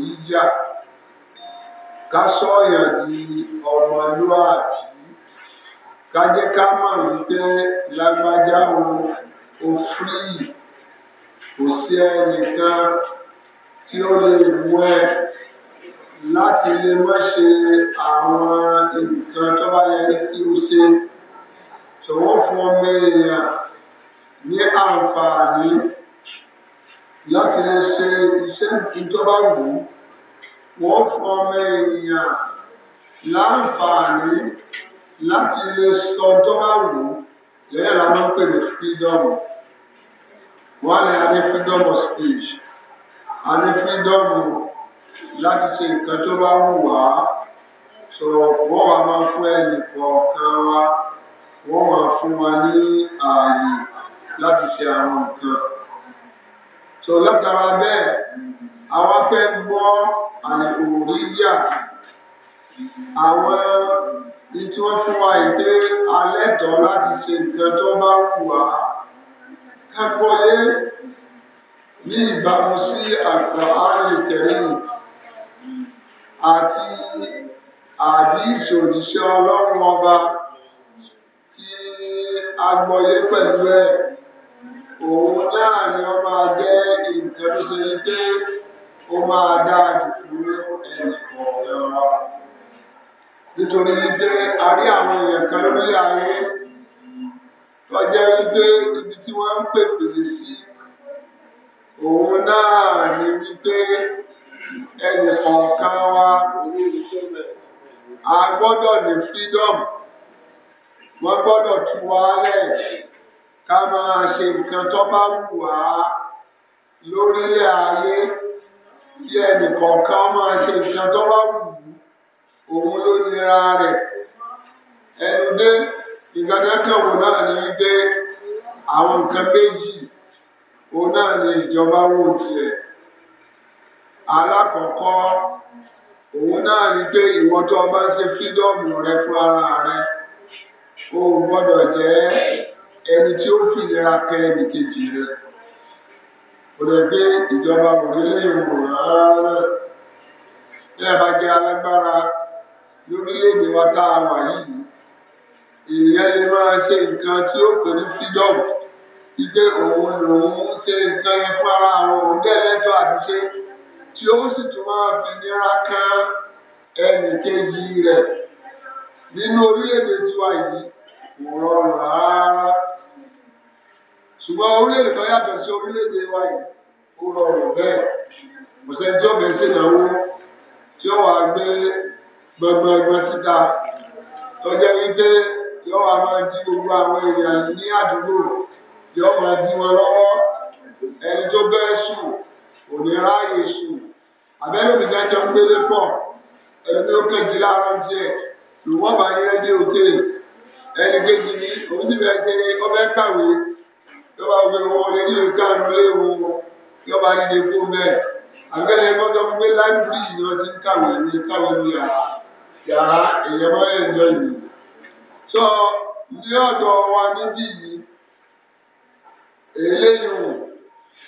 yíyà ká sọ̀yàn di ọmọlúwàbí ká jẹ́ ká mọ̀ wípé lágbájá o o fírì kò sí ẹnìkan tí ó lè mú ẹ láti lè má ṣe àwọn nǹkan tó bá yẹ kí o ṣe ṣòwò fún ọmọ èèyàn ní àǹfààní láti lè ṣe iṣẹ́ ìtújọba wù ú wọ́n fọmọ ènìyàn láǹfààní láti lè sọ tó bá wù ú lẹ́yìn la pè ní freedom wọ́n lè a ní freedom of speech a ní freedom láti ṣe nǹkan tó bá wù wá sọ̀rọ̀ wọ́n wá máa fún ẹnì kọ̀ọ̀kan wa wọ́n máa fún wa ní ààyè láti ṣe àwọn nǹkan. sọ̀rọ̀ látara bẹ́ẹ̀ àwa fẹ́ àlùkòríyà àwọn tí wọ́n fún wa ìpè alẹ́ tọ́ láti ṣe nǹkan tó bá wù wá kápọ̀ yé ní ìbámu sí àgbà àrùnkẹ́yìn àti àdìsí òjíṣẹ́ ọlọ́run ọba tí a gbọ́yé pẹ̀lú ẹ̀ òun náà ni wọ́n máa jẹ́ nǹkan tó ṣe pé ó máa dáa jù fún ẹnìkọ̀ọ̀kan wa nítorí wípé a rí àwọn èèyàn kan lórí ayé tọ́jẹ́ wípé ibi tí wọ́n ń pèpè sí òun náà ni wípé ẹnìkọ̀ọ̀kan wa a gbọ́dọ̀ ní freedom wọ́n gbọ́dọ̀ tú wa lẹ̀ ká máa ṣe nǹkan tó bá wù wá lórílẹ̀ ayé kí ẹnì kọ̀ọ̀kan máa ṣe nǹkan tó bá wù ú òun ló nira rẹ̀ ẹnu dé ìgbàdákàwò náà ní wípé àwọn nǹkan méjì òun náà ni ìjọba wò tiẹ̀ alákọ̀ọ́kọ́ òun náà ni pé ìwọ tó o bá ń ṣe fídọ́ọ̀mù rẹ fún ara rẹ o gbọ́dọ̀ jẹ́ ẹni tí ó fìlera kẹ́ ẹnì kejì rẹ. ó lè ijoba ìjọba òdílé ìwò rárá ní àbájá alágbára lórílẹ̀-èdè wa tá a wà yìí èèyàn lè máa ṣe nǹkan tí ó pè ní freedom ìgbé òun lòun ṣe nǹkan yẹn fún ara àwọn òun àdúṣe tí ó sì tún máa fi nira kan ẹnì kejì rẹ nínú tiwa yìí kò rọrùn ṣùgbọ́n orílẹ̀-èdè kan yàtọ̀ sí orílẹ̀-èdè wa yìí ó rọrùn bẹ́ẹ̀ ọ̀sẹ̀ tí ó bẹ̀rẹ̀ sí ìnáwó tí ó wà gbé gbọ̀ngbọ̀ngbọ̀n síta tọ́jọ́ wípé yọ wà máa di gbogbo àwọn èèyàn ní àdúgbò yọ máa di wọn lọ́wọ́ ẹni tó bẹ́ẹ̀ sùn kò ní ráàyè sùn àbẹ́rẹ́ mi jẹ́jọ́ ń gbélé pọ̀ ẹni tó kẹ̀jì láàárọ̀ díẹ̀ lùwọ́n bá yẹ ẹ́ dé òkè ẹni kejì ní òun ti bẹ̀ẹ́ ṣe ọbẹ̀ yọba gbé wọn lè ní nǹkan lé wọn yọba nílé kó bẹ́ẹ̀ àgbẹ̀lẹ̀ mọ́tọ́ gbé láìpẹ́ ìyẹn ti ń kàwé ní kàwé ní yàrá yàrá èyẹ mọ́ ẹ̀jọ́ yìí sọ ní ọ̀dọ̀ wa níbí yìí eléyìí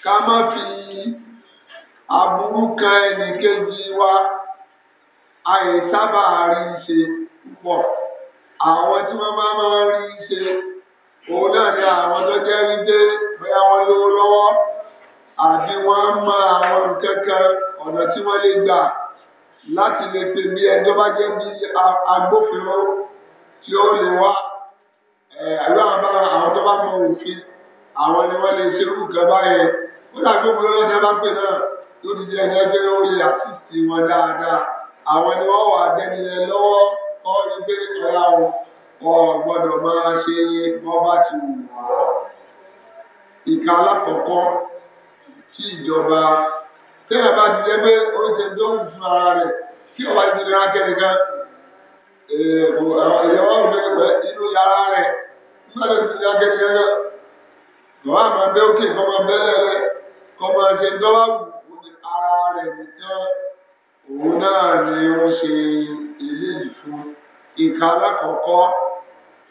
ká má fi aburú kan ẹnìkejì wa àìsábà rí i ṣe púpọ̀ àwọn tí wọ́n bá máa rí i ṣe. òun náà ni àwọn tó jẹ́ wípé bóyá wọ́n lówó lọ́wọ́ àbí wọ́n ma àwọn nǹkan kan ọ̀nà tí wọ́n lè gbà láti lè pè bí ẹjọ́ bá jẹ́ bí agbófinró tí ó lè wá àlọ́ àwọn àwọn tó bá mọ òfin àwọn ni wọ́n lè báyẹn bá pè náà tó ti di ó lè wọn dáadáa àwọn ni wọ́n wà lọ́wọ́ ẹgbẹ́ ọ máa ṣe bọ́bá ti wù wá. Ìka alákọ̀ọ́kọ́ tí ìjọba tẹ́lẹ̀ bá ti jẹ́ pé oúnjẹ tó ń fún ara rẹ̀ kí ọba ti lè rákẹ́ nìkan. Ìyàwó rẹ̀ pẹ̀ inú yàrá rẹ̀ nígbà tó ti lè rákẹ́ nìkan náà. Bàbá àmọ́ bẹ́ òkè kọ́ máa bẹ́lẹ̀ rẹ̀ kọ́ máa ṣe dọ́wà wù ní ara rẹ̀ nìkan. Òun náà ni ó ṣe eléyìí fún nǹkan alákọ̀ọ́kọ́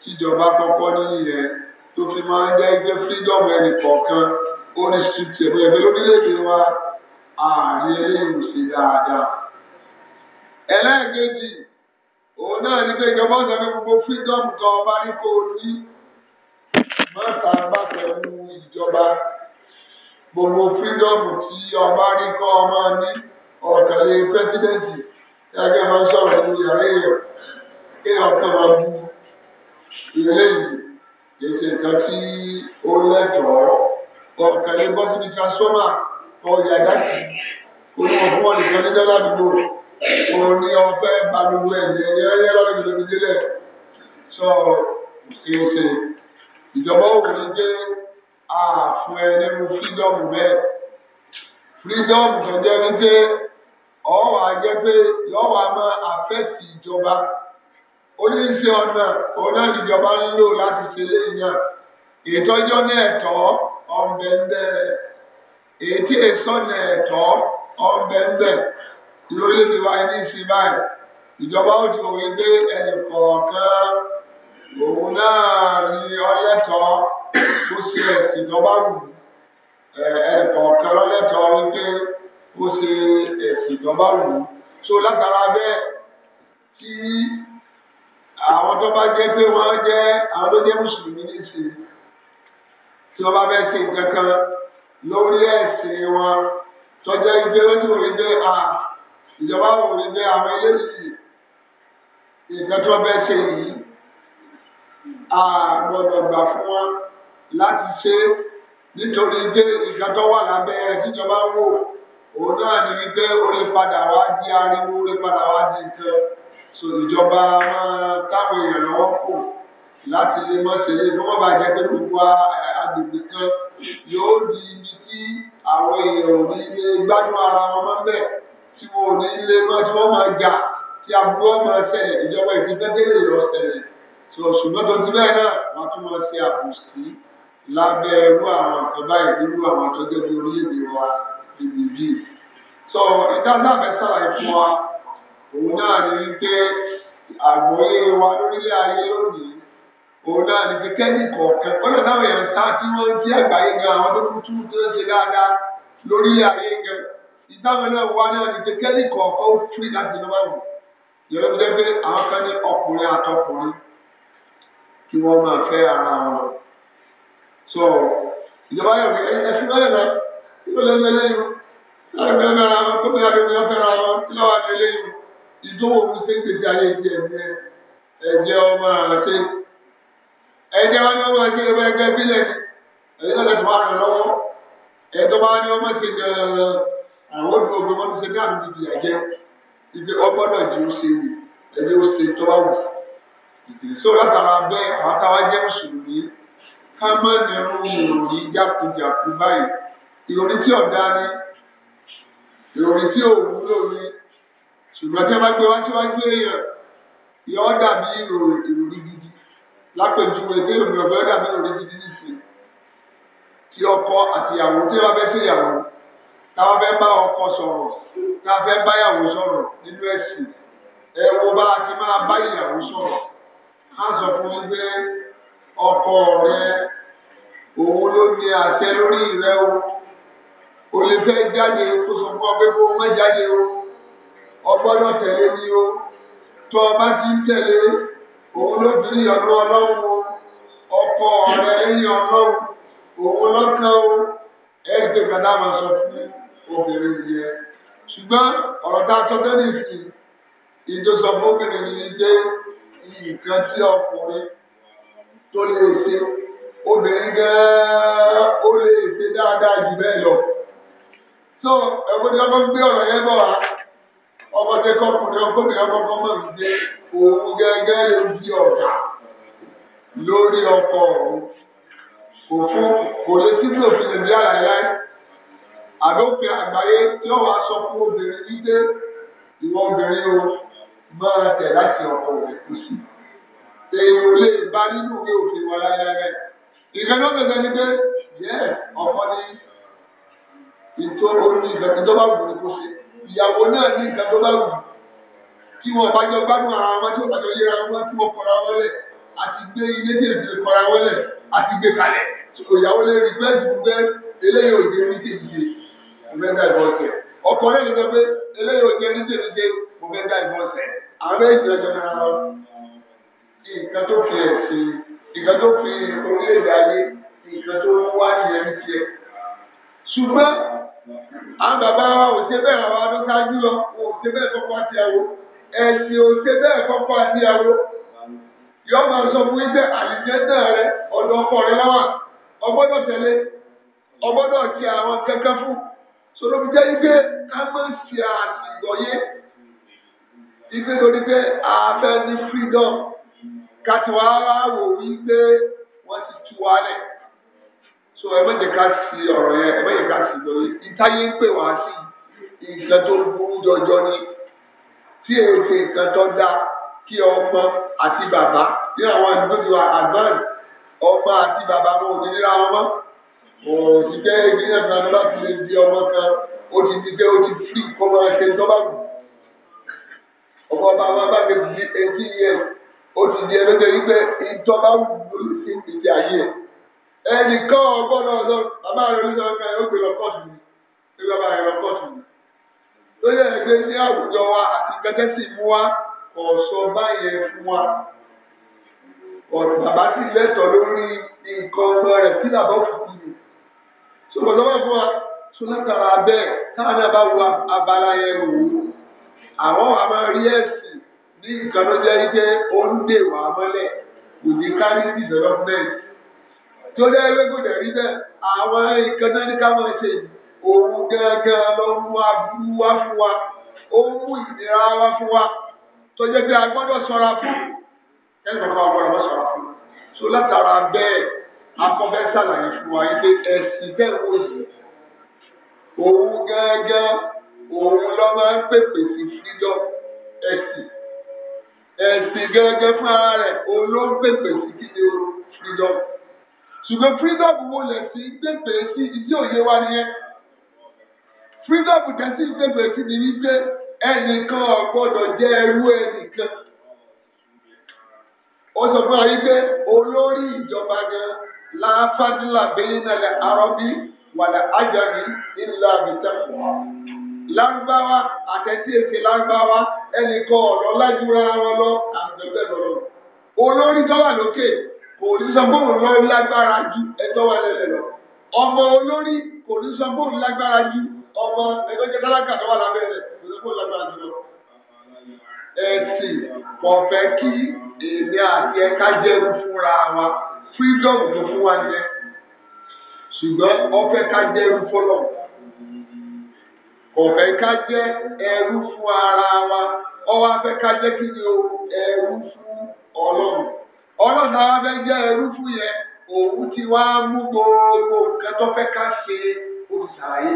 tíjọba kọ́kọ́ nínú yẹn tó fi máa ń jẹ́ gbé fídọ́mù ẹnì kọ̀ọ̀kan ó ní sùtì ẹ̀mú ẹ̀mí lórílẹ̀‐èdè wa àárín eléyìí sí dáadáa. ẹlẹ́ẹ̀kejì òun náà ní pé ìjọba ọ̀sẹ̀ fẹ́ gbogbo fídọ́mù kan ọba ní kó o ní mọ́ta bá pẹ̀lú ìjọba gbogbo fídọ́mù tí ọba ní kọ́ ọmọ ní ọ̀kàlẹ̀ pẹ́sidẹ́ǹtì ẹgbẹ́ máa ń sọ̀rọ̀ nínú yàrá èèyàn kí ọ̀kan máa bú ilé yìí kì í ṣe nǹkan tí ó lẹ́tọ̀ọ́ ọ̀kan lè bọ́ síbi transformer ọ̀yà dákì olùkọ́ fún wọn nìkan níjọ́ ládùúgbò òun ni ọ̀fẹ́ balùwẹ̀ ẹ̀yẹ ẹ̀yẹ lọ́dọ̀ ìjọba ìdílé sọ èsè ìjọba òun ni jẹ́ àfún ẹ nínú fídọ́ọ̀mù bẹ́ẹ̀ fídọ́ọ̀mù tó jẹ́ wípé ọ̀wà jẹ́ pé yọ̀wà máa àfẹ́sì ìjọba oríṣi ọ̀nà òun náà níjọba ń lò láti ṣe léyìn náà ìtọ́jọ́ ní ẹ̀tọ́ ọ̀nbẹ̀ǹbẹ̀ ètí ìsọ̀nà ẹ̀tọ́ ọ̀nbẹ̀ǹbẹ̀ lórílẹ̀-èdè wa ní ìsìn báyìí ìjọba ó ti òwe gbé ẹnì kọ̀ọ̀kan òun náà ní ọlẹ́tọ̀ọ́ kó ṣe ẹ̀sìn wù ẹnì kọ̀ọ̀kan lọ́lẹ́tọ̀ọ́ wípé kó ṣe ẹ̀sìn wù so látara bẹ́ẹ̀ tí àwọn tó bá jẹ́ pé wọ́n jẹ́ àwọn tó jẹ́ mùsùlùmí nísìnyí tí wọ́n bá fẹ́ ṣe nǹkan kan lórí ẹ̀sìn wọn tọ́jà ìgbé lónìí òní dé a ìjọba òní dé àwọn eléyìí nǹkan tó bẹ́ ṣe yìí a gbọ́dọ̀ gbà fún wọn láti ṣe nítorí dé nǹkan tó wà lábẹ́ tíjọba wò òun náà ní wípé orí padà wá di ariwo orí padà wá di nǹkan so ìjọba máa táwọn èèyàn lọ́wọ́ kù láti lè mọ́ ṣe lé lọ́wọ́ bá jẹ́ pé gbogbo agbègbè kan yóò di ibi tí àwọn èèyàn ò ní lè gbádùn ara wọn mọ́ bẹ́ẹ̀ tí wọn ò ní lè mọ́ tí wọ́n máa jà tí abúlé wọn máa ṣẹlẹ̀ ìjọba ìfipẹ́dẹ́lẹ̀ lọ ṣẹlẹ̀ so ṣùgbọ́n tó ti bẹ́ẹ̀ náà wọ́n tún máa ṣe àbùsí lábẹ́ irú àwọn ìjọba ìdúró àwọn tó jẹ́ bí orílẹ̀-èdè wa ìbí so ìdájọ́ àfẹ́sàlàyé fún wa òun náà ní wípé àgbọ́yé wa lórílẹ̀ ayé lónìí òun náà ní pé kẹ́míkọ̀ kan ó lè dáhùn èèyàn sá tí wọ́n ń kí àgbáyé gan àwọn tó kú tún tó ń ṣe dáadáa lórílẹ̀ ayé gan ìdáhùn náà wá náà ní pé kẹ́míkọ̀ kan ó fún ìdájọ́ lọ́wọ́ wọn ìyẹn ló jẹ́ pé àwọn kan ní ọkùnrin àtọkùnrin kí wọ́n máa fẹ́ ara wọn so ìjọba yóò fi ẹsùn bẹ́ẹ̀ lọ kí ló lé lé lẹ́yìn láti fẹ́ fẹ́ ra wọn tó fẹ́ ra wọn kí ìdówó òun ṣe ń gbèsè ayé ti ẹ̀jẹ̀ ẹ̀jẹ̀ ọmọ àṣẹ ẹ̀jẹ̀ wọn ni wọ́n máa ṣe ẹ̀rọ ẹgbẹ́ bílẹ̀ ẹ̀yìn náà lẹ́tọ̀ọ́ àrùn lọ́wọ́ ẹ̀tọ́ bá ní ọmọ ṣe gan-an àwọn olùkọ́ ọgbẹ́ wọn ṣe ní àmì ìdí ẹ̀jẹ̀ ìdí ọgbọ́dọ̀ jù ú ṣe wù ẹ̀jẹ̀ ó tó bá wù ìdílé sọ látara bẹ́ẹ̀ àwọn táwa jẹ́ mùsùlùmí ká má nẹrù ìròyìn jákujàku báyìí ìròyìn tí ọ̀dá ni ìròyìn tí òwúlò ni ṣùgbọ́n tí wọ́n bá gbé wá tí wọ́n gbé èèyàn yọ dàbí ìròyìn ìròyìn gidi lápèjúwe tí èèyàn ọ̀fẹ́ dàbí ìròyìn gidi nìsín tí ọkọ àtìyàwó tí wọ́n fẹ́ ṣèyàwó táwọn fẹ́ bá ọkọ sọ̀rọ̀ táwọn fẹ́ báyàwó sọ̀rọ̀ nínú ẹ̀sìn ẹ wo bá a ti máa bá ìyàwó sọ̀rọ̀ á sọ fún mi pé ọkọ rẹ òun ló ní àṣẹ lórí rẹ o ò lè fẹ́ jáde kó sọ fún ọ pé kó má jáde o ọgbọ́dọ̀ tẹ̀lé ni o tó o bá ti ń tẹ̀lé òun ló fi ìyọnu ọlọ́run o ọkọ rẹ lẹ́yìn ọlọ́run òun lọ́kàn o ẹgbẹ́ gbàdá máa sọ fún obìnrin yẹn ṣùgbọ́n ọ̀rọ̀ tá a sọ tẹ́lẹ̀ sí ìjọsọ fún obìnrin yìí dé nǹkan tí ọkùnrin tó lè ṣe obìnrin gan-an ó lè ṣe dáadáa jù bẹ́ẹ̀ lọ. tó ẹ̀kọ́ tí wọ́n gbé ọ̀rọ̀ yẹn bọ̀ wá ọmọdé kọkùnrin ọgọ́rin ọgọ́gọ́ mọ̀ wípé òun gẹ́gẹ́ lè di ọ̀gá lórí ọkọ òun kò fún kò lè sí bí òfin lè bí àlàyé àdófin àgbáyé yóò wá sọ fún obìnrin wípé ìwọ obìnrin o máa tẹ̀ láti ọkọ rẹ̀ kú sí èrò lè bá nínú ìwé òfin wọn láyẹ̀rẹ̀ ìkànnì ọ̀gbẹ̀gbẹ̀ ni pé yẹ ọkọ ní ìtọ́ orí ìgbà ìjọba òbí kó ṣe ìyàwó náà ní nǹkan tó bá wù kí wọn bá jọ gbádùn ara wọn tí wọn bá jọ yẹra wọn tí wọn kọra wọn lẹ àti gbé ilé tí èsì lè kọra wọn lẹ àti gbé kalẹ̀ ìyàwó lè rí bẹ́ẹ̀ tó gbẹ eléyìí ò jẹ ní tèmi yé mo fẹ́ dá ìbọn sẹ ọkọ rẹ nìkan pé eléyìí ò jẹ ní tèmi yé mo fẹ́ dá ìbọn sẹ àwọn méjì ọjọ́ náà lọ nǹkan tó fi ẹ̀sìn nǹkan tó fi orílẹ̀ ayé nǹkan tó wá ìyẹn ní tiẹ̀ ṣùgbọ́n àwọn bàbá wa ò ṣe bẹ́ẹ̀ àwọn ọdún ṣáájú lọ ò ṣe bẹ́ẹ̀ fọ́kọ àti ìyàwó ẹ̀sìn ò ṣe bẹ́ẹ̀ fọ́kọ àti ìyàwó yọ máa sọ fún yín pé àlìjẹ́ náà rẹ ọ̀dọ̀ ọkọ rẹ láwà ọgbọ́dọ̀ tẹ̀lé ọgbọ́dọ̀ ṣe àwọn kankan fún sọ̀rọ̀ fi jẹ́ ike ká má ṣe àtìgbọ̀yé ike lórí pé àfẹ́ ní freedom kàtìwá wò wí pé wọ́n ti tu wa lẹ̀ so ẹ mẹ́jẹ̀ ká sí ọ̀rọ̀ yẹn ẹ mẹ́jẹ̀ ká sí lórí ìtayé ń pè wá sí nǹkan tó burú jọjọ ni tí èsì nǹkan tó dá kí ọmọ àti bàbá ní àwọn ìlú ti wà advance ọmọ àti bàbá wọn ò ní ríra òsì pé èmi náà kan bá ti lè di ọmọ kan ó ti di pé ó ti fi kọ́ máa ṣe tó ọmọ ọba wọn bá ti di eighteen years ó ti di ẹgbẹ́ tó yí wù lórí sí ìdí ayé ẹ̀ ẹnìkan ọgbọ́dọ̀ ọ̀dọ́ bàbá rẹ̀ ló sọ pé ó gbé lọ kóòtù ni ó gbé bàbá rẹ̀ lọ kóòtù ni. tó yẹ ẹgbẹ́ ní àwùjọ wa àti gbẹ́tẹ́ sì mú wa ọ̀sọ́ báyẹn fún wa. ọ̀rọ̀ bàbá sì lẹ́tọ̀ọ́ lórí nǹkan ọmọ rẹ̀ kí làbọ̀ fún mi. ṣùgbọ́n lọ́wọ́ fún wa tó látara bẹ́ẹ̀ táwọn náà bá wo abala yẹn wò ó. àwọn wa máa rí ẹ̀sìn ní nǹkan tó dá ewéko dẹ̀rí bẹ́ẹ̀ àwọn nǹkan náà ní ká máa ṣe òun gángan ló ń wá bú wá fún wa ó ń mú ìnira wá fún wa tó jẹ́ pé a gbọ́dọ̀ sọ̀ra fún ẹnì kan fún ọgbọ́dọ̀ sọ̀ra fún so látara bẹ́ẹ̀ akọ́fẹ́ sàlàyé fún wa yìí pé ẹ̀sìn bẹ́ẹ̀ wò yìí òun gángan òun ló máa ń pèpè sí freedom ẹ̀sìn ẹ̀sìn gángan fún ara rẹ̀ òun ló ń pèpè sí kíni o ṣùgbọ́n freedom wo lẹ̀ sí gbèpè sí ìdí òye wa nìyẹn freedom kan sí gbèpè sí ni wípé ẹnìkan ò gbọ́dọ̀ jẹ́ ẹrú ẹnìkan ó sọ fún wa wípé olórí ìjọba gan láfàdúlà bẹ́yìn náà lẹ arọ́bí wàlẹ̀ ajáde ńlá àbítẹ́kùn lárúbáwá àtẹ̀tí èsì lárúbáwá ẹnìkan ọ̀rọ̀ lájúra wọn lọ àgbẹ̀bẹ̀ lọ́rọ̀ olórí tó wà lókè kò ní sọ pé òun lọ lágbára ju ẹjọ́ wà lẹ́lẹ̀ lọ ọmọ olórí kò ní sọ pé òun lágbára ju ọmọ ẹgbẹ́ jẹ́ tálákà tó wà lábẹ́ rẹ̀ kò ní sọ pé òun lágbára ju lọ. ẹ̀sìn kò fẹ́ kí èmi àti ẹ̀ka jẹ́rú fúnra wa freedom tó fún wa nìyẹn ṣùgbọ́n ọ̀fẹ́ ká jẹ́rú fọlọ́ ọ̀fẹ́ ká jẹ́ ẹrú fún ara wa ọwọ́ afẹ́ ká jẹ́ kí ni o ẹrú fún ọlọ́run. ọlọ́run náà fẹ́ jẹ́ fún yẹn òun ti wá mú gbogbo nǹkan tó fẹ́ ká ṣe ó ti ṣàlàyé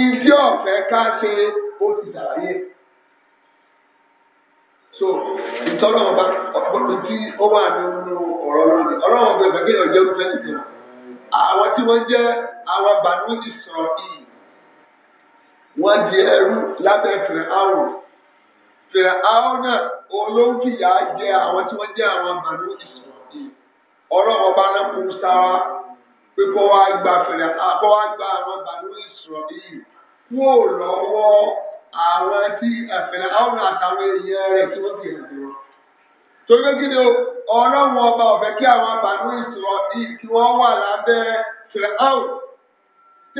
ìdí ọ̀fẹ́ ká ṣe ó ti ṣàlàyé so ìtọ́lọ́ ọba ọ̀pọ̀lọpọ̀ tí ó wà nínú ọ̀rọ̀ lónìí àwọn tí wọ́n jẹ́ àwọn bàánú ìsọ̀rọ̀ yìí wọ́n di ẹrú lábẹ́ fẹ́ fìràhánà olóńgìyà jẹ àwọn tí wọ́n jẹ́ àwọn bàánú ìsìnkú ọlọ́wọ́ bá rán musa wá pé kó wá gba wá gba àwọn bàánú ìsìnkú kúrò lọ́wọ́ àwọn tí fìràhánà àtàwọn èèyàn rẹ̀ tí wọ́n fi hàn ọba ọ̀fẹ́ kí àwọn ìsìnkú kí wọ́n wà lábẹ́ tí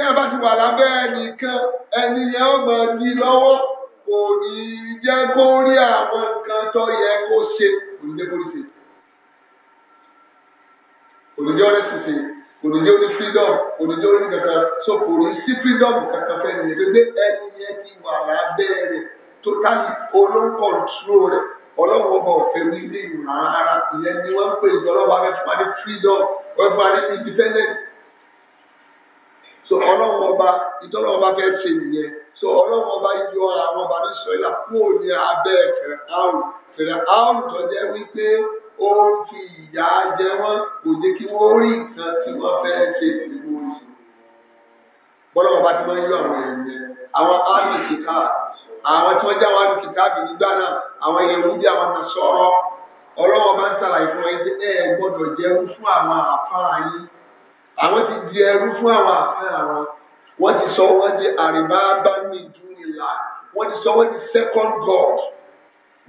a bá ti wà lábẹ́ kò ní jẹ́ kó rí àwọn nǹkan tó yẹ kó ṣe kò ní jẹ́ kó rí ṣe kò ní jẹ́ ó rí ṣiṣe kò ní jẹ́ ó rí freedom kò ní jẹ́ ó rí kankan so kò ní sí freedom kankan fẹ́ nìyẹn gbégbé ẹni yẹn ti wà lábẹ́ rẹ̀ totally olóńkọ̀ntró rẹ̀ ọlọ́wọ́ bọ̀ fẹ́mi ní ìrànlára ìyẹn ni wọ́n ń pè ìjọba fún wa ní freedom wọ́n fún wa ní independence so ọlọ́run ọba ìtọ́lọ́ ọba fẹ́ ṣe nìyẹn so ọlọ́run ọba yọ àwọn ọba ní sọ́yà kúrò ní abẹ́ fẹ̀rẹ̀ áhùn fẹ̀rẹ̀ áhùn tó jẹ́ wípé ó fi ìyà jẹ wọ́n kò jẹ́ kí wọ́n rí nǹkan tí wọ́n fẹ́ ṣe ìlú oṣù bọ́lá ọba tí wọ́n yọ àwọn èèyàn yẹn àwọn áhùn kìkà àwọn tí wọ́n já wọn kìkà bì nígbà náà àwọn èèyàn wúdí àwọn náà sọ̀rọ̀ ọlọ́run ọba ń ṣàlàyé fún ẹ àwọn ti di ẹrú fún àwọn àfẹ́ àwọn wọ́n ti sọ wọ́n di àrìbá bá mi ti sọ wọ́n di second god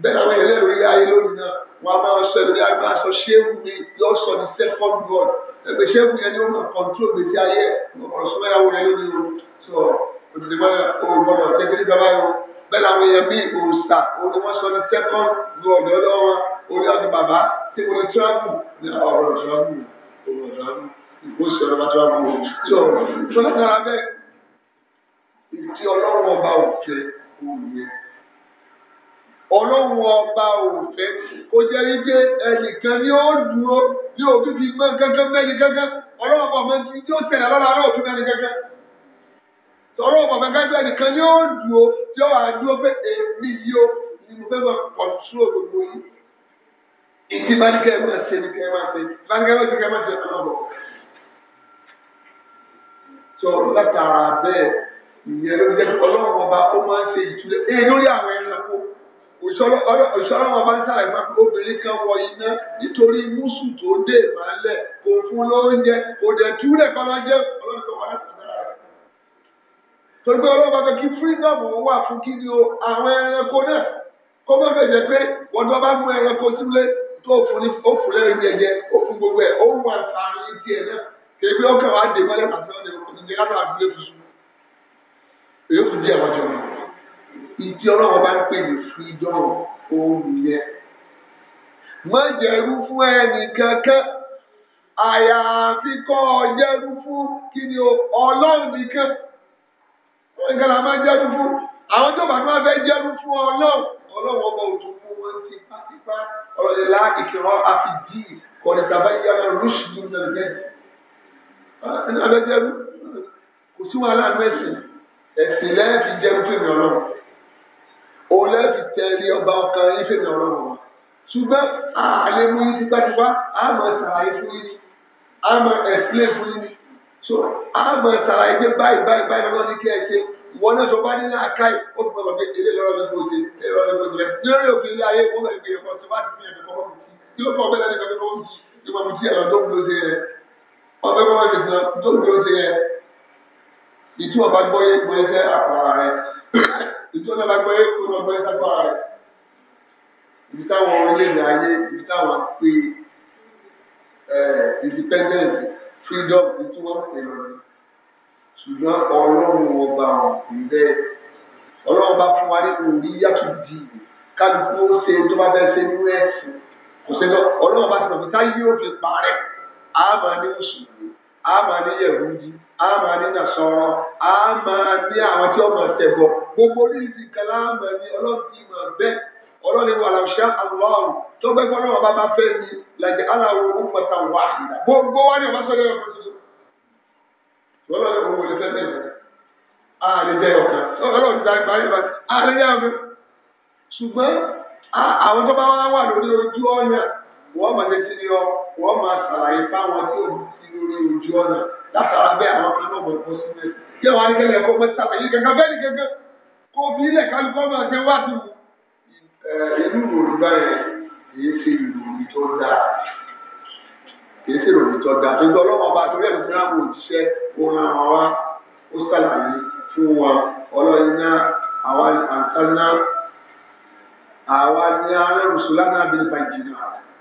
bẹ́ẹ̀ làwọn yẹn lẹ́rù ilé ayé lónìí náà wọ́n á máa sọ ìrírí àgbà sọ ṣéwù mi yọ sọ di second god ẹgbẹ́ ṣéwù yẹn ni wọ́n máa control gbèsè ayé ọ̀rọ̀ sọ́mọ́ ìyàwó yẹn lónìí o sọ òdìdìmọ́ ògbọ́dọ̀ tẹ́gídì bàbá yẹn bẹ́ẹ̀ làwọn yẹn mí òòsà òun ni sọ di second god ọ̀dọ́ wọn orí ọdún bàbá tí mo lè travel ní ọ̀rọ̀ travel ọ̀rọ̀ travel ìgbésí ọlọ́ba tí wọ́n mú tó tó lára bẹ́ẹ̀ ìdí ọlọ́run ọba òfẹ́ kò yẹ ọlọ́run ọba òfẹ́ kó jẹ́ wípé ẹnìkan ni ó dúró ní òbí fi mọ́ gángan mẹ́ni gángan ọlọ́run ọba ọmọ ní tí ó tẹ̀lé lọ́la náà òfin mẹ́ni gángan ọlọ́run ọba ọmọ gángan ẹnìkan ni ó dúró tí ó wà á dúró pé èmi yìí ó ni mo fẹ́ máa kọ̀ntró gbogbo yìí ìdí bá ní kẹ́ ẹ máa ṣe ni kẹ́ ẹ máa ṣe ìdí bá ní kẹ́ ẹ máa ṣe ni kẹ́ ẹ máa ṣe ọlọ́run ọba sọ látara bẹ́ẹ̀ ìyẹn ló jẹ́ ọlọ́run ọba ó máa ń ṣe ìtúlẹ̀ ẹ̀ lórí àwọn ẹranko òṣọ́rọ̀ ọba ń sàlẹ̀ máa kó obìnrin kan wọ iná nítorí mùsù tó dé ìmọ̀lẹ̀ kò fún lóúnjẹ kò dẹ̀ túlẹ̀ kọ́ máa jẹ́ ọlọ́run tó wà láti náà. torí pé ọlọ́run bàbá kí freedom wà fún kí ni o àwọn ẹranko náà kó má fẹ́ jẹ́ pé wọ́n tó bá mú ẹranko túlẹ̀ tó fún ní ó fún lẹ́rìí jẹjẹ ó fún gbogbo ẹ̀ ó wà sàárín tiẹ̀ náà kébi ọkàn wa dé mọ́lẹ̀ àti ọ̀dẹ̀ ọ̀dẹ̀ ní káfíńà àti ilé tuntun èyí fún díẹ̀ wájú mi ìdí ọlọ́wọ́ bá ń pè ní freedom òòlù yẹ má jẹ̀rú fún ẹnì kankan àyàfi kọ́ ọ jẹ́rú fún kí ni ọlọ́run nìkan nǹkan la máa jẹ́rú fún àwọn tó bá tó máa fẹ́ jẹ́rú fún ọlọ́run ọlọ́run ọba òtún fún wọn tipátipá ọ̀rọ̀ ìlà ìkìrọ̀ àfìdí kọ̀ọ̀dẹ̀tàbáyé yára rúṣù nínú ẹgbẹ́ ẹni abẹ́ jẹ́rú kò sí wàhálà ní ẹ̀sìn ẹ̀sìn lẹ́yìn fi jẹ́rú fèmí ọlọ́run òun lẹ́yìn fi tẹ̀lé ọba ọkàn yín fèmí ọlọ́run wọn ṣùgbọ́n àlẹ́ mú yín tipátipá àmọ́ sàlàyé fún yín àmọ́ ẹ̀sìlẹ̀ fún yín so àmọ́ sàlàyé pé báyìí báyìí báyìí lọ́wọ́ ní kí ẹ ṣe ìwọ náà sọ bá ní náà ká yìí ó gbọ́dọ̀ ilé lọ́rọ̀ mi ṣe ilé lọ́rọ̀ mi ṣe lórí òfin ilé ayé ọbẹ̀ bọ́ wọn ti sàn tó ń dúró sí yẹn ìtú ọba gbọ́yé gbọ́yé sẹ́ àpò ara rẹ̀ ìtú ọba gbọ́yé kúrò gbọ́yé sẹ́ àpò ara rẹ̀ ibi táwọn orílẹ̀-èdè ayé ibi táwọn pé independence freedom ìtú wọn pè lónìí ṣùgbọ́n ọlọ́run ọba ọ̀hún bẹ́ẹ̀ ọlọ́run bá fún wa nínú orí yàtọ̀ di kálukú ó ṣe tó bá fẹ́ ṣe nínú ẹ̀sìn kò ṣe lọ ọlọ́run bá ti mọ̀ pé táyé yóò fi parẹ́. ama ní mùsùlùmí ama ní yẹ̀wùdí ama ama àwọn tí wọ́n máa tẹ̀gbọ́ gbogbo oríṣi ti kan láàmà ní bẹ́ẹ̀ ọlọ́ọ̀ni wà láṣẹ aláwọ̀ tó bẹ́ẹ̀ kọ́ lọ́wọ́ bá bá fẹ́ aláwọ̀ wà gbogbo wa ọba sọ́dọ̀ yọ̀ fún tuntun lọ́lọ́dọ̀ kò wọlé fẹ́ bẹ́ẹ̀ ààrẹ ọ̀kan ṣùgbọ́n àwọn tó bá wà lórí ojú ọ̀yàn wọ́n máa ṣe kíni ọ wọ́n máa ṣàlàyé fáwọn tí ò sí lórí ojú ọ̀nà látara bẹ́ẹ̀ àwọn kan náà mọ̀ bọ́ sínú ẹ̀. kí àwọn akẹ́kẹ́ ẹ̀kọ́ mọ́ ṣàlàyé kankan bẹ́ẹ̀ ni kankan kó fi ilẹ̀ kálukọ́ máa ṣe wá sí ṣe ìròyìn tó dáa ṣe ìròyìn tó dáa tó gbọ́ ọlọ́wọ́ bá torí ẹ̀mí fúnra òṣìṣẹ́ òun àwọn wa ó fún wa ọlọ́yin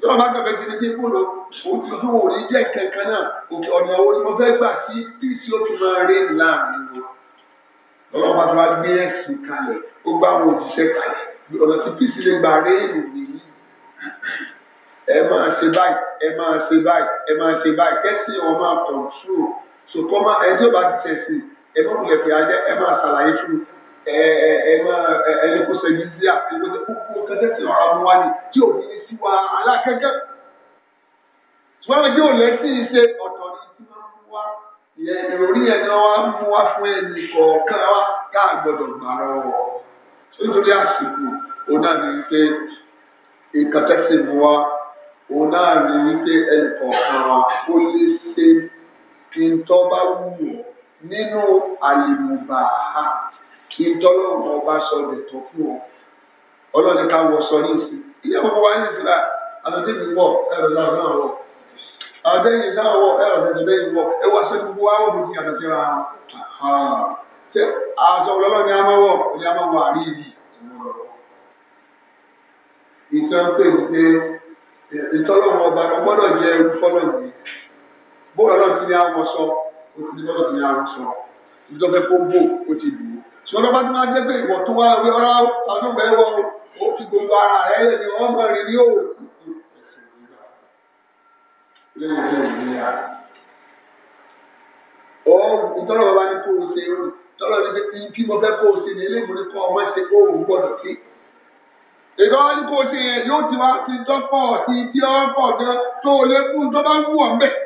tí wọn bá gbàgbé ti ní kí kúlò ojú tó wò ní jẹ kankan náà òkè ọ̀nà owó ni mo fẹ́ gbà sí tí tí ó fi máa rí láàrin wọn. ọlọ́run bá tó wá gbé ẹ̀sìn kalẹ̀ ó gbá àwọn òṣìṣẹ́ kalẹ̀ ọ̀nà tí píìsì lè gbà rí èlò nìyí. ẹ máa ṣe báyìí ẹ máa ṣe báyìí ẹ máa ṣe báyìí kẹ́sìn ọ máa kọ̀ǹtúrò ṣùkọ́ máa ẹjọ́ bá ti tẹ̀sìn ẹ bọ́ kúlẹ̀ ajẹ́ ẹ máa ṣàlàyé fún un ẹ ẹ ẹ máa ẹ ẹ lè kó sẹ́yìn sí àtẹ̀wé ní kókó kẹ́kẹ́ tí ọ̀rọ̀ mu wá ní tí ò ní sí wa alákẹ́kẹ́. ṣùgbọ́n àwọn yóò lẹ́sí iṣẹ́ ọ̀tọ̀ ní tí wọ́n mú wá ìyẹn ìròrí yẹn ni wọ́n mú wá fún ẹnì kọ̀ọ̀kan wa tá a gbọ́dọ̀ gbà lọ́wọ́. nítorí àsìkò òun náà ní pé ìkàtẹ́sì mu wá òun náà ní wípé ẹnì kọ̀ọ̀kan wa ó lè ṣe kí n tọ́ bá wù nínú àlèmùbà kí n tọ́lọ́run ọba sọ lè tó fún ọ ọlọ́ni ká wọ sọ ní ìsìn ilé ìwọ̀n wa ní ìsìn àtọ̀tí mi wọ̀ ẹ̀rọ náà náà wọ̀ àtẹ̀yìn náà wọ̀ ẹ̀rọ tẹ̀tẹ̀ bẹ́ẹ̀ wọ̀ ẹ wá sẹ́ni gbogbo àwọn òbí àtọ̀tí ra ṣe àtọ̀ ọlọ́ni a máa wọ̀ ní a máa wọ̀ àrí ibi. ìtàn pé pé ìtọ́lọ́run ọba gbọ́dọ̀ jẹ́ fọ́lọ́ yìí bóòlù ọlọ́run ti ní àwọn sọ òtún ti bọ́lọ̀ ti ní àwọn sọ ìjọba fẹ́ kó bò ó ti sọlọ́pàá tó máa jẹ́ pé ìwọ̀ tó wá wí ọ́rá àdúgbò ẹ̀wọ̀ ó fi gbogbo ara rẹ̀ lè ní ọmọ rẹ̀ ní òòlù. lẹ́yìn tó ń bí ya. ó ìtọ́lọ̀ bàbá ní kó o ṣe o tọ́lọ̀ ní pé kí mo fẹ́ kó o ṣe ní eléyìí mo ní ọmọ ṣe kó o gbọ́dọ̀ sí. ìgbà wọn ní kó o ṣe yẹn yóò ti wá ti tọ́pọ̀ ti tí ọ́ gan tó o lè fún tó bá wù ọ́ bẹ́ẹ̀.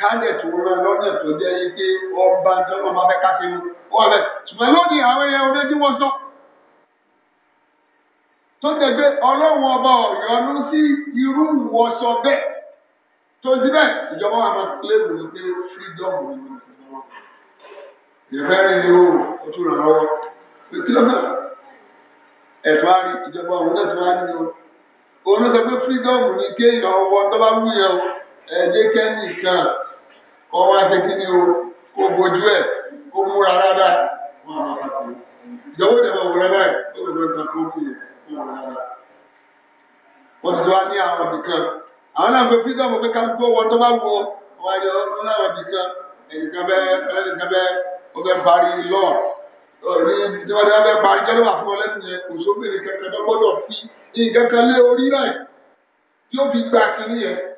kálẹ̀ tó rán lọ́nà tó jẹ́ ike ọba tọ́lọ́ máa fẹ́ káṣe mu ó wà bẹ́ẹ̀ ṣùgbọ́n lónìí àwọn ẹyẹ orí tí wọ́n sọ tó ń tẹ̀gbẹ́ ọlọ́run ọba ọ̀yọ́nú sí irú ìwọṣọ bẹ́ẹ̀ tó ń síbẹ̀ ìjọba wa máa kílèmù ní pé freedom ní ìfẹ́ rẹ̀ ni ó o tún ràn lọ́wọ́ kí ló fẹ́ ẹ̀fọ́ àrí ìjọba òun náà ti máa ń ní o òun ló sọ pé freedom ní kéèyàn ọwọ́ tó bá wúyẹ o. ẹjẹ́ kẹ́nìkan kọ́ wá ṣe kí ni o kó bojú ẹ̀ kó múra rárá wọn àwọn àpapọ̀ ìjọba ìjọba òwúrọ̀ ó lè lọ wọn rárá. wọ́n ti wá ní àwọn àwọn náà fi pé ká gbọ́ wọn tó bá wọ bẹ́ẹ̀ bẹ́ẹ̀ ó bẹ́ẹ̀ parí parí lẹ́nu yẹn kò sóbìnrin kankan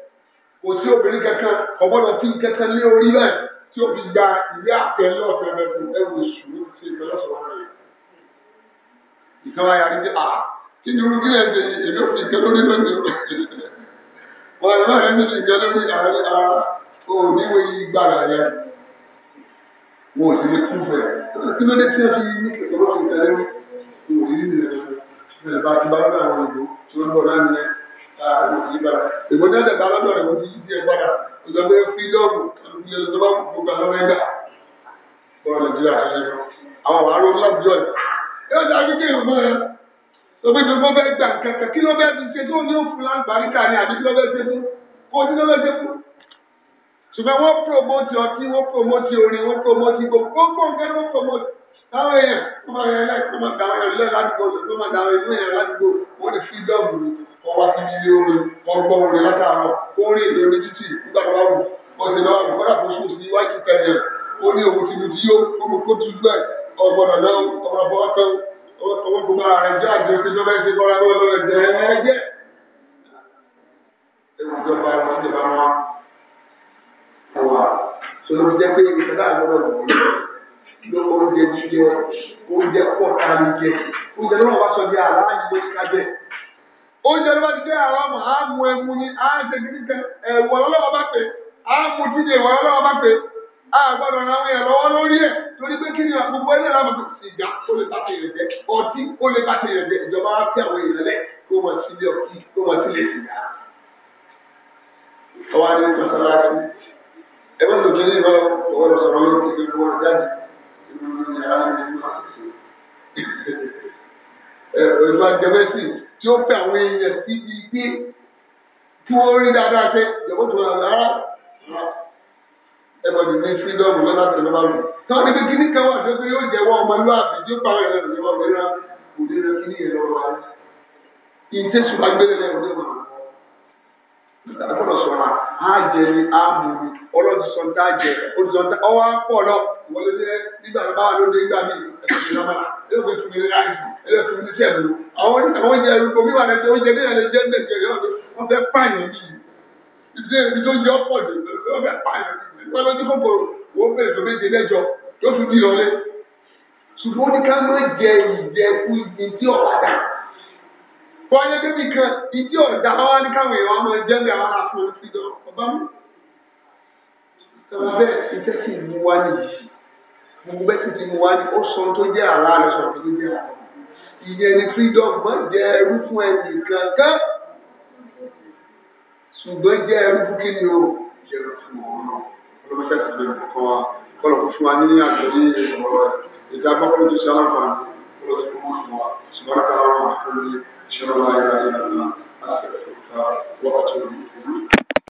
kò sí obìnrin kankan ọgbọ́dọ̀ tí kankan lé orí báyìí tí ó fi gba ìwé àtẹ lọ́ọ̀tẹ̀ mẹ́fù ẹ̀wù èṣù ní ti ìfẹ́ lọ́sọ̀rọ̀ rẹ̀. ìkan wáyà rí pé à kí ni irú kílẹ̀ ṣe èmi ò fi ìkan lórí lónìí o. wọ́n ẹ̀ náà ẹni fi ìkan lórí àárín ara òníwé gbàrà yẹn. wọn ò sì lè kú fẹ̀. kí ló dé tí wọ́n fi ní kẹ̀kẹ́ lọ́sọ̀rọ̀ ìtẹ́lẹ́wé? òní ni ẹ̀ ìgbọ́dọ̀ tẹ̀ bá lọ́dọ̀ rẹ̀ wọ́n ti ṣíṣe padà ìgbàgbé fídọ́ọ̀mù ìlú tó bá kú gbogbo àwọn ẹgbà bọ́ọ̀ nàìjíríà ṣẹlẹ̀ lọ àwọn àwọn arúgbó lábùjọ yìí yóò dá wípé ìwọ̀n mọ́ ẹ lọ́gbẹ́ tó bọ́ bẹ́ẹ̀ gbà kẹ̀kẹ́ kí ló bẹ́ẹ̀ fi ṣe tó ní òfin lágbàríkà ni àbí kí ló bẹ́ẹ̀ ṣe fún kó ní ló bẹ́ẹ̀ ṣe fún. ṣùgbọ́n wọ́n promote ọtí wọ́n promote orin wọ́n promote gbogbo nǹkan wọ́n promote táwọn èèyàn wọ́n máa yẹ láì tó máa dáwọn èèyàn lẹ́ẹ̀ ládùúgbò tó máa dáwọn èèyàn lẹ́ẹ̀ ládùúgbò wọ́n ní freedom wọ́n wá sí nílé orin wọ́n gbọ́ orin látàárọ̀ ó rí èdè orin títì nígbà tó bá wù ó sì lọ́wọ́ àbúkọ́dà tó sùn sí iwájú kẹlẹ̀ ó ní òun ti lu tí yóò gbogbo kó tu bẹ́ẹ̀ ọgbọ́dọ̀ lọ ọgbọ́dọ̀ o tán ọwọ́ gbogbo ara jẹ́ àjọ tí lọ́wọ́ ẹsẹ̀ kọ́ra lọ́wọ́ ẹ̀jẹ̀ ẹ̀jẹ̀. ewu ìjọba ẹ̀rọ ti bá wọn wà sọlọ́ jẹ́ pé ìṣẹ̀dá àlọ́wọ́ ló oúnjẹ jíjẹ oúnjẹ pọ̀ kárí jẹ oúnjẹ lọ́wọ́ wá sọ oúnjẹ ló bá ti jẹ́ àrọ́mù àmú ẹmu ni àṣegídí kan ẹ̀wọ̀ lọ́wọ́ bá pè àmú jíjẹ ẹ̀wọ̀ lọ́wọ́ bá pè àgbọ̀dọ̀ àwọn èèyàn lọ́wọ́ lórí ẹ̀ torí pé kí ni gbogbo ẹni àwọn ọmọ sìgá ó lè bá tẹ̀yẹ̀ jẹ ọtí ó lè bá tẹ̀yẹ̀ jẹ ìjọba á fi àwọn èèyàn lẹ̀ kó wọ́n ti lé ọtí kó wọ́n ti lè sìgá. ọwọ́ adé ń sọ̀rọ̀ láti ẹgbẹ́ tó kéré lọ ọwọ́ lọ sọ̀rọ̀ yóò kéde owó jáde ìlú ìyàrá ìlú ìlú àti ìlú. ẹ̀ tí ó pẹ àwọn èèyàn síbi pé kí wọ́n rí dáadáa pé ìjọba tó wà lára ẹgbẹ̀rún ní fídọ́ọ̀mù lọ́dà tẹ̀lé bá lò. táwọn ibi kíní kan wà tó pé yóò jẹ́wọ́ ọmọlúwàbí tí ó pa àwọn èèyàn lọ́wọ́ mẹ́ra kò ní lọ kíní yẹn lọ́wọ́ wa. ìṣe ṣùgbọ́n gbélé lẹ́yìn ọdún mọ̀. àgbọ̀dọ̀ sọ̀rọ̀ á jẹ ní ààbò mi ọlọ́dún sọ tá a jẹ olùsọ tá ọwọ́ á pọ̀ lọ wọlé nígbà bá wà lóde nígbà mi ẹ̀ ẹlẹ́sìn ní sẹ́ẹ̀ lò àwọn oúnjẹ ẹrúgbó bí wàá lẹ́sẹ̀ oúnjẹ déyà lè jẹ́ ń dẹ̀kẹ̀ yọ̀ ọ́ wọ́n fẹ́ pààyàn yìí ìdílé ibi tó yọ pọ̀ dé wọ́n fẹ́ pààyàn yìí wọ́n lọ́jọ́ kòkòrò wọ́n bẹ̀rẹ̀ tó méje lẹ́jọ́ tó tún di lọ́lẹ́ ṣùgbọ́n ní ká má jẹ ìjẹkú ìdí ọ̀dà kọ́ ayé débi kan ìdí ọ̀dà wá ní káwọn èèyàn máa jẹ́ bí àwọn afọ ti dán ọba mú. sọ̀rọ̀ bẹ́ẹ̀ iṣẹ́ sì mú wá mo bẹ́ẹ̀ ti mú wá ní ó sọ tó jẹ́ àlá rẹ̀ sọ̀rọ̀ tó jẹ́ àlá ìyẹn ni freedom máa jẹ ẹrú fún ẹnì kankan ṣùgbọ́n jẹ ẹrú fún kí ni o jẹ ẹrú fún ọ̀rọ̀ ọlọ́mọṣẹ́ ti bẹ̀rẹ̀ kọ́ wa kọ́lọ̀ kó fún wa ní àgbẹ̀lẹ́ ọ̀rọ̀ ìdá bọ́kọ́lù tó ṣe aláǹfààní kọ́lọ̀ tó kọ́ fún wa ṣùgbọ́n káwọn àwọn àkọlù ìṣẹ́rọ̀ láyé láyé àná àti ẹ̀fọ́ ká wọ́pàá tó ń bọ̀.